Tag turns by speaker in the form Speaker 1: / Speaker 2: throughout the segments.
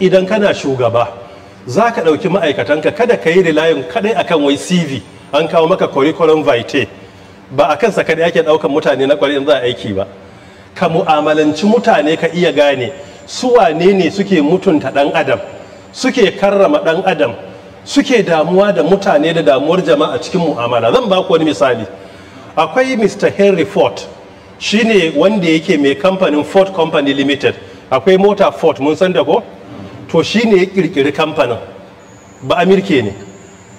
Speaker 1: idan kana shugaba za ka ɗauki ma'aikatanka kada ka yi rilayin kadai akan wai cv an kawo maka curriculum vitae ba a kansa kadai ake ɗaukan mutane na ƙwarin za a aiki ba ka mu'amalanci mutane ka iya gane su wane ne suke mutunta ɗan adam suke karrama ɗan adam suke damuwa da mutane da damuwar jama'a cikin mu'amala zan ba ku wani misali akwai mr henry ford shine wanda yake mai kamfanin ford company limited akwai mota ford mun san da ko to shi ne ya kirkiri kamfanin ba amirke ne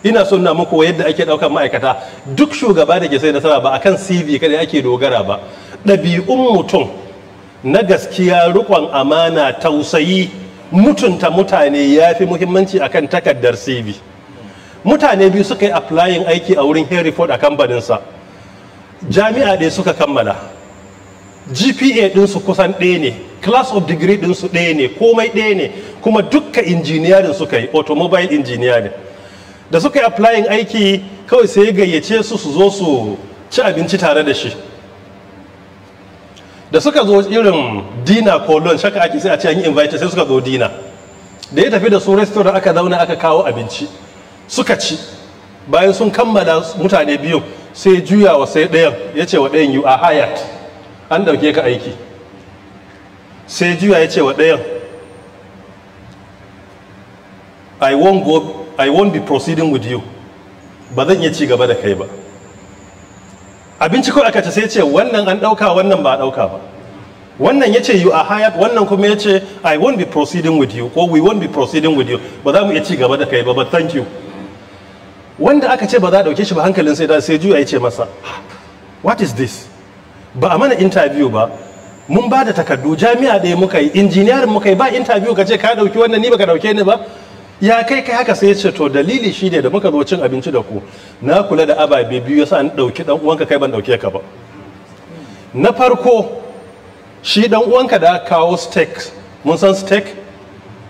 Speaker 1: ina son na muku yadda ake ɗaukar ma'aikata duk shugaba da ke sai nasara ba akan cv kada ake dogara ba ɗabi'un mutum na gaskiya rikon amana tausayi mutunta mutane ya fi muhimmanci akan takardar cv mutane biyu suka yi applying aiki a wurin ford a kamfaninsa jami'a ɗaya suka kammala gpa ɗinsu kusan ɗaya ne class of degree din su ɗaya ne komai ɗaya ne kuma duka engineering suka yi automobile engineering da suka yi applying aiki kawai sai ya gayyace su su zo su ci abinci tare da shi da suka zo irin dina kolon shaka ake sai a ce an yi invite sai suka zo dina da ya tafi da su restaurant aka zauna aka kawo abinci suka ci bayan sun kammala mutane biyu sai juyawa sai ɗayan ya ce wa ɗayan yu a hayat an ɗauke ka aiki sai juya ya ce wa ɗayan I won't, go, I won be proceeding with you ba zan iya ci gaba da kai ba abinci ko aka ce sai ce wannan an ɗauka wannan ba a ɗauka ba wannan ya ce you are hired wannan kuma ya ce I won't be proceeding with you ko we won't be proceeding with you ba za mu iya ci gaba da kai ba but thank you wanda aka ce ba za a ɗauke shi ba hankalin sai da sai juya ya ce masa what is this ba a mana interview ba mun ba da takardu jami'a ɗaya muka yi injiniyar muka yi ba interview ka ce ka dauki wannan ni baka dauke ni ba ya kai kai haka sai ya ce to dalili shine da muka zo cin abinci da ku na kula da ababe biyu yasa ni dauki dan uwanka kai ban dauke ka ba na farko shi dan uwanka da kawo steak mun san steak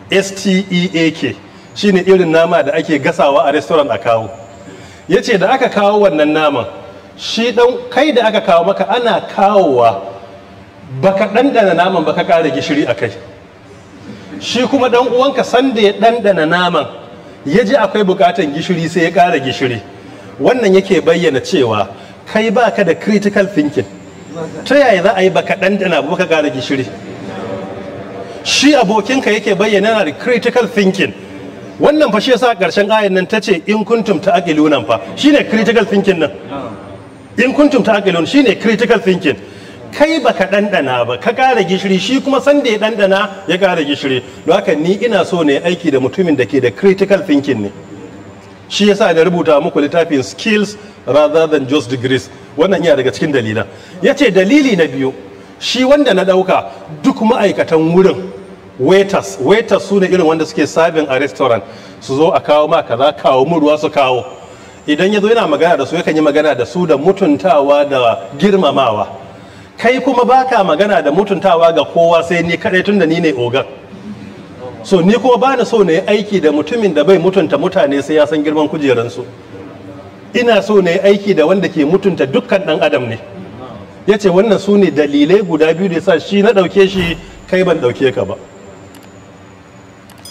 Speaker 1: S T E A K shine irin nama da ake gasawa a restaurant a kawo yace da aka kawo wannan naman shi dan kai da aka kawo maka ana kawowa baka ɗanɗana naman baka ƙara gishiri a kai shi kuma ɗan uwanka sanda ya ɗanɗana naman ya ji akwai buƙatan gishiri sai ya ƙara gishiri wannan yake bayyana cewa kai baka da critical thinking ta yaya za a yi baka ɗanɗana ba ka ƙara gishiri shi abokinka yake bayyana na da critical thinking wannan fa shi yasa karshen ayan nan tace in kuntum ta'qiluna fa shine critical thinking nan in kuntum ta'qilun shine critical thinking kai baka ɗanɗana ba ka ƙara gishiri shi kuma sanda ya ɗanɗana ya ƙara gishiri don haka ni ina so ne aiki da mutumin da ke da critical thinking ne shi yasa da rubuta muku littafin skills rather than just degrees wannan yana daga cikin dalilan ya ce dalili na biyu shi wanda na ɗauka duk ma'aikatan wurin waiters waiters su ne irin wanda suke sabin a restaurant su zo a kawo ma kaza kawo mu ruwa su kawo idan ya zo yana magana da su yakan yi magana da su da mutuntawa da girmamawa kai kuma baka magana da mutuntawa ga kowa sai ni kadai tunda ni ne ogan so ni kuma ba na so na yi aiki da mutumin da bai mutunta mutane sai ya san girman kujeransu ina so na aiki da wanda ke mutunta dukkan dan adam ne ya ce wannan su ne dalilai guda biyu da sa shi na ɗauke shi kai ban ɗauke ka ba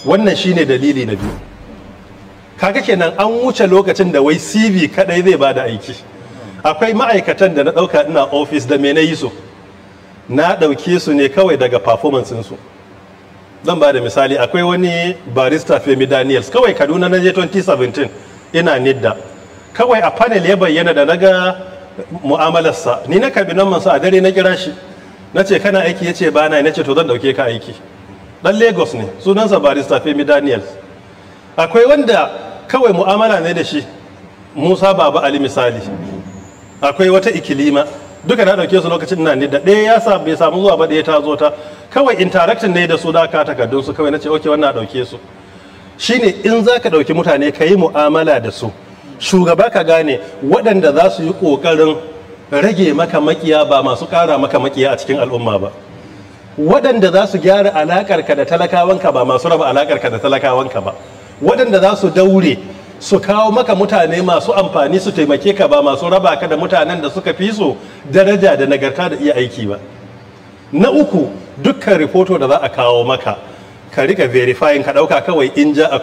Speaker 1: wannan shi ne dalili na biyu kaka kenan an wuce lokacin da wai cv kadai zai bada da aiki akwai ma'aikatan da na ɗauka ina ofis da me na yi su na ɗauke su ne kawai daga performance su zan ba da misali akwai wani barista femi daniels kawai kaduna na je 2017 ina nidda kawai a panel ya bayyana da naga mu'amalarsa ni na kabinan mansa a dare na kira shi na ce kana aiki ya ce ba na na ce to zan ɗauke ka aiki dan lagos ne sunansa barista femi daniels akwai wanda kawai mu'amala ne da shi musa baba ali misali akwai wata ikilima duka na dauke su lokacin na ne da ɗaya ya sa bai samu zuwa ba ɗaya ta zo ta kawai interacting ne da su da ka takardun su kawai nace okay wannan dauke su shine in zaka dauki mutane ka yi mu'amala da su shugaba ka gane waɗanda za su yi ƙoƙarin rage maka makiya ba masu ƙara maka makiya a cikin al'umma ba waɗanda za su gyara alaƙarka da talakawanka ba masu raba alaƙarka da talakawanka ba waɗanda za su daure su kawo maka mutane masu amfani su taimake ka ba masu raba ka da mutanen da suka fi so daraja da nagarta da iya aiki ba na uku dukkan rifoto da za a kawo maka ka rika verifying ka dauka kawai in ja a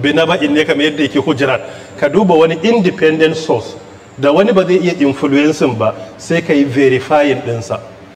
Speaker 1: binaba, in ne kamar yadda yake hujjirar. ka duba wani independent source da wani ba zai iya influencing ba sai ka yi verifying dinsa